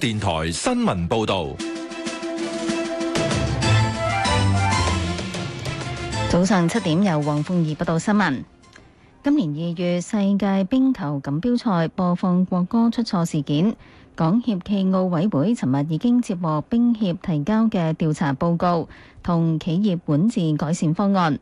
電台新聞報道：早上七點由黃鳳儀報道新聞。今年二月世界冰球錦標賽播放國歌出錯事件，港協暨奧委會尋日已經接獲冰協提交嘅調查報告同企業管治改善方案。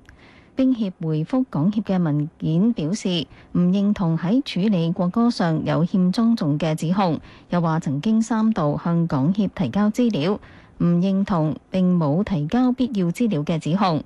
冰協回覆港協嘅文件表示，唔認同喺處理國歌上有欠莊重嘅指控，又話曾經三度向港協提交資料，唔認同並冇提交必要資料嘅指控。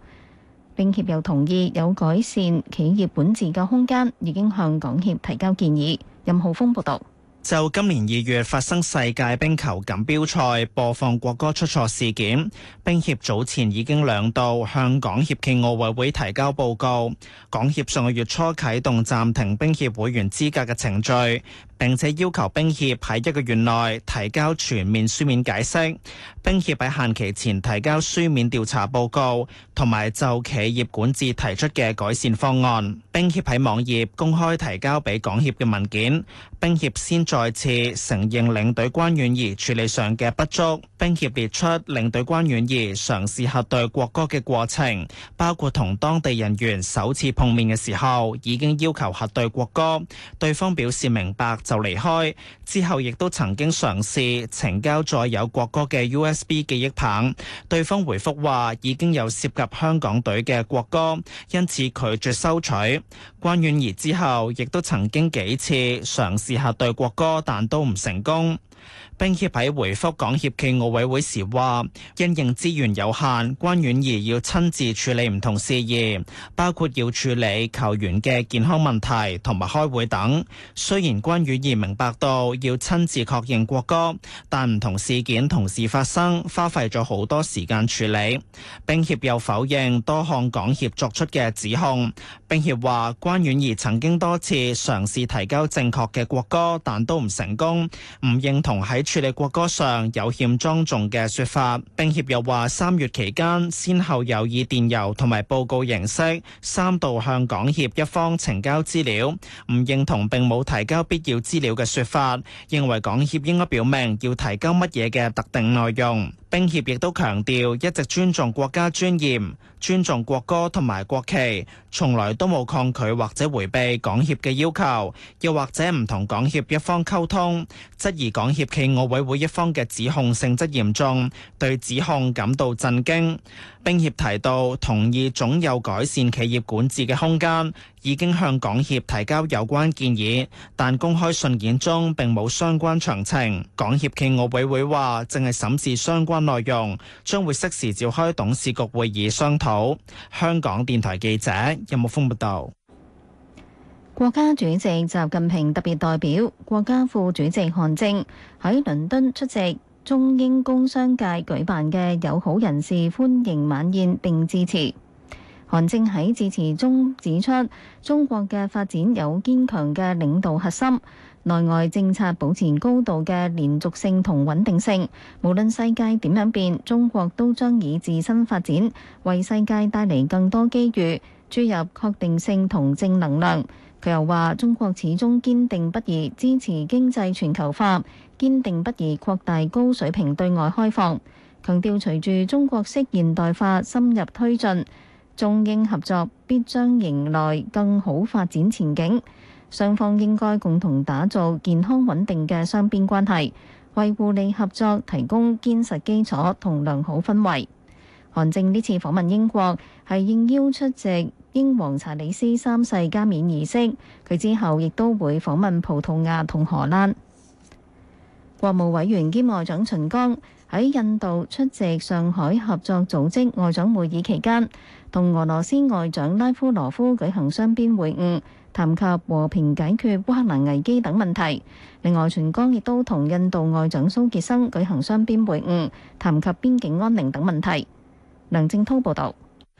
冰協又同意有改善企業本質嘅空間，已經向港協提交建議。任浩峰報道。就今年二月發生世界冰球錦標賽播放國歌出錯事件，冰協早前已經兩度向港協暨奧委會提交報告，港協上個月初啟動暫停冰協會員資格嘅程序。並且要求兵協喺一個月內提交全面書面解釋，兵協喺限期前提交書面調查報告，同埋就企業管治提出嘅改善方案。兵協喺網頁公開提交俾港協嘅文件，兵協先再次承認領隊關婉怡處理上嘅不足。兵協列出領隊關婉怡嘗試核對國歌嘅過程，包括同當地人員首次碰面嘅時候已經要求核對國歌，對方表示明白。就離開，之後亦都曾經嘗試呈交載有國歌嘅 USB 記憶棒，對方回覆話已經有涉及香港隊嘅國歌，因此拒絕收取。關婉兒之後亦都曾經幾次嘗試核對國歌，但都唔成功。冰協喺回覆港協暨奧委會時話：，因應資源有限，關婉儀要親自處理唔同事宜，包括要處理球員嘅健康問題同埋開會等。雖然關婉儀明白到要親自確認國歌，但唔同事件同時發生，花費咗好多時間處理。冰協又否認多項港協作出嘅指控。冰協話：，關婉儀曾經多次嘗試提交正確嘅國歌，但都唔成功，唔認同同喺處理國歌上有欠莊重嘅説法，冰協又話三月期間，先後有以電郵同埋報告形式三度向港協一方呈交資料，唔認同並冇提交必要資料嘅説法，認為港協應該表明要提交乜嘢嘅特定內容。冰協亦都強調一直尊重國家尊嚴，尊重國歌同埋國旗，從來都冇抗拒或者迴避港協嘅要求，又或者唔同港協一方溝通，質疑港協協暨奧委會一方嘅指控性質嚴重，對指控感到震驚。乒協提到同意總有改善企業管治嘅空間，已經向港協提交有關建議，但公開信件中並冇相關詳情。港協暨奧委會話正係審視相關內容，將會適時召開董事局會議商討。香港電台記者任木峰報道。有國家主席習近平特別代表、國家副主席韓正喺倫敦出席中英工商界舉辦嘅友好人士歡迎晚宴並致辭。韓正喺致辭中指出，中國嘅發展有堅強嘅領導核心，內外政策保持高度嘅連續性同穩定性。無論世界點樣變，中國都將以自身發展為世界帶嚟更多機遇，注入確定性同正能量。佢又話：中國始終堅定不移支持經濟全球化，堅定不移擴大高水平對外開放。強調隨住中國式現代化深入推進，中英合作必將迎來更好發展前景。雙方應該共同打造健康穩定嘅雙邊關係，為互利合作提供堅實基礎同良好氛圍。韓正呢次訪問英國係應邀出席英王查理斯三世加冕儀式，佢之後亦都會訪問葡萄牙同荷蘭。國務委員兼外長秦剛喺印度出席上海合作組織外長會議期間，同俄羅斯外長拉夫羅夫舉行雙邊會晤，談及和平解決烏克蘭危機等問題。另外，秦剛亦都同印度外長蘇傑生舉行雙邊會晤，談及邊境安寧等問題。梁正濤報導。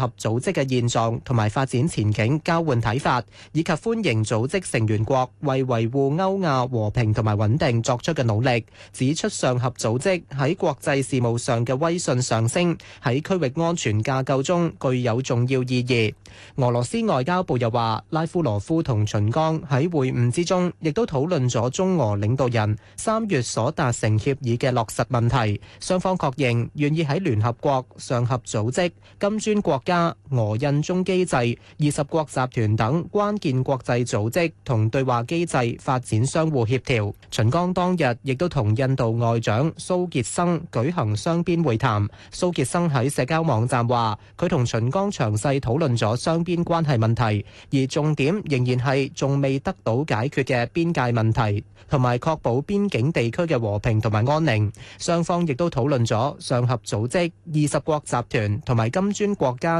合組織嘅現狀同埋發展前景交換睇法，以及歡迎組織成員國為維護歐亞和平同埋穩定作出嘅努力，指出上合組織喺國際事務上嘅威信上升，喺區域安全架構中具有重要意義。俄羅斯外交部又話，拉夫羅夫同秦剛喺會晤之中，亦都討論咗中俄領導人三月所達成協議嘅落實問題，雙方確認願意喺聯合國、上合組織、金磚國、俄印中機制、二十國集團等關鍵國際組織同對話機制發展相互協調。秦剛當日亦都同印度外長蘇傑生舉行雙邊會談。蘇傑生喺社交網站話：佢同秦剛詳細討論咗雙邊關係問題，而重點仍然係仲未得到解決嘅邊界問題，同埋確保邊境地區嘅和平同埋安寧。雙方亦都討論咗上合組織、二十國集團同埋金磚國家。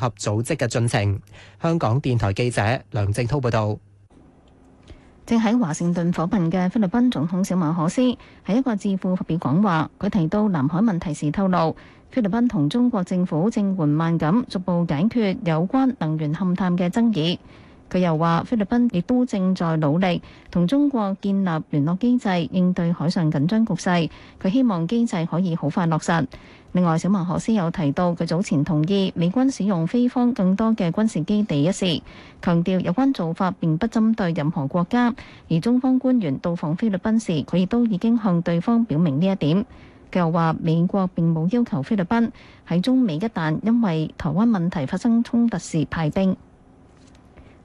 合組織嘅進程。香港電台記者梁正滔報導，正喺華盛頓訪問嘅菲律賓總統小馬可斯喺一個智庫發表講話。佢提到南海問題時透露，菲律賓同中國政府正緩慢咁逐步解決有關能源勘探嘅爭議。佢又話：菲律賓亦都正在努力同中國建立聯絡機制，應對海上緊張局勢。佢希望機制可以好快落實。另外，小馬可斯有提到佢早前同意美軍使用菲方更多嘅軍事基地一事，強調有關做法並不針對任何國家。而中方官員到訪菲律賓時，佢亦都已經向對方表明呢一點。佢又話：美國並冇要求菲律賓喺中美一旦因為台灣問題發生衝突時派兵。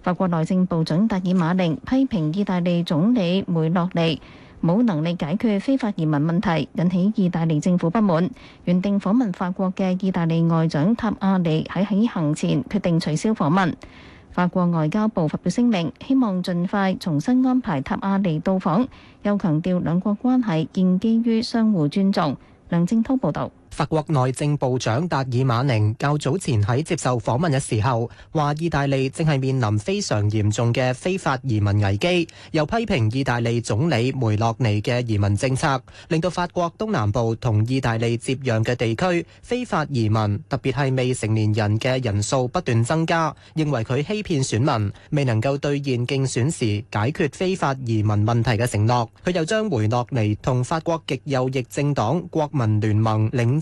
法國內政部長達爾馬寧批評意大利總理梅洛尼冇能力解決非法移民問題，引起意大利政府不滿。原定訪問法國嘅意大利外長塔亞尼喺起行前決定取消訪問。法國外交部發表聲明，希望盡快重新安排塔亞尼到訪，又強調兩國關係建基於相互尊重。梁正滔報導。法國內政部長達爾馬寧較早前喺接受訪問嘅時候，話意大利正係面臨非常嚴重嘅非法移民危機，又批評意大利總理梅洛尼嘅移民政策，令到法國東南部同意大利接壤嘅地區非法移民，特別係未成年人嘅人數不斷增加。認為佢欺騙選民，未能夠兌現競選時解決非法移民問題嘅承諾。佢又將梅洛尼同法國極右翼政黨國民聯盟領。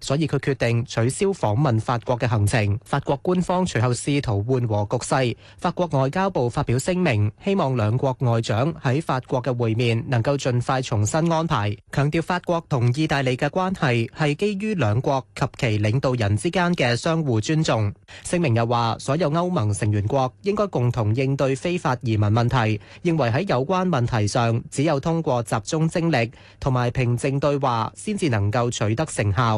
所以佢決定取消訪問法國嘅行程。法國官方隨後試圖緩和局勢。法國外交部發表聲明，希望兩國外長喺法國嘅會面能夠盡快重新安排，強調法國同意大利嘅關係係基於兩國及其領導人之間嘅相互尊重。聲明又話，所有歐盟成員國應該共同應對非法移民問題，認為喺有關問題上，只有通過集中精力同埋平靜對話，先至能夠取得成效。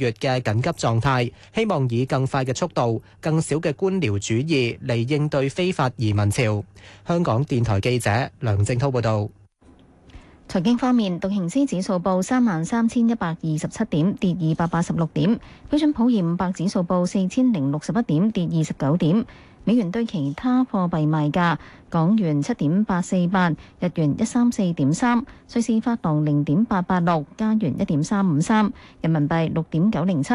月嘅緊急狀態，希望以更快嘅速度，更少嘅官僚主義嚟應對非法移民潮。香港電台記者梁正濤報道。財經方面，道瓊斯指數報三萬三千一百二十七點，跌二百八十六點，標準普爾五百指數報四千零六十一點，跌二十九點。美元對其他貨幣賣價：港元七點八四八，日元一三四點三，瑞士法郎零點八八六，加元一點三五三，人民幣六點九零七，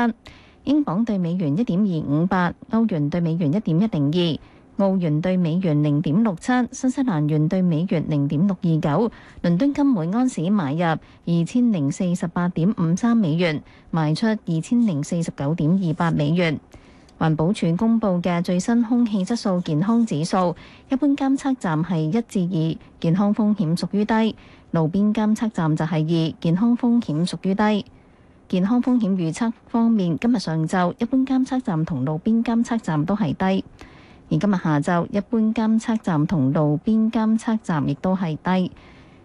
英鎊對美元一點二五八，歐元對美元一點一零二，澳元對美元零點六七，新西蘭元對美元零點六二九。倫敦金每安士買入二千零四十八點五三美元，賣出二千零四十九點二八美元。環保署公布嘅最新空氣質素健康指數，一般監測站係一至二，健康風險屬於低；路邊監測站就係二，健康風險屬於低。健康風險預測方面，今日上晝一般監測站同路邊監測站都係低，而今日下晝一般監測站同路邊監測站亦都係低。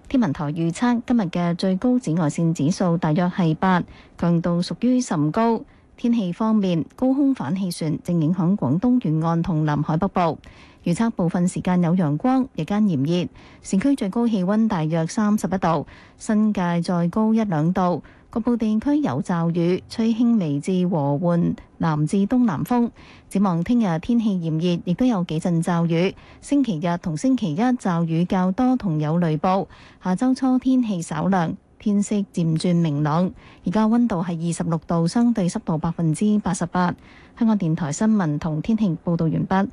天文台預測今日嘅最高紫外線指數大約係八，強度屬於甚高。天氣方面，高空反氣旋正影響廣東沿岸同南海北部，預測部分時間有陽光，日間炎熱，市區最高氣溫大約三十一度，新界再高一兩度。局部地區有驟雨，吹輕微至和緩南至東南風。展望聽日天氣炎熱，亦都有幾陣驟雨。星期日同星期一驟雨較多同有雷暴。下周初天氣稍涼。天色漸轉明朗，而家溫度係二十六度，相對濕度百分之八十八。香港電台新聞同天氣報導完畢。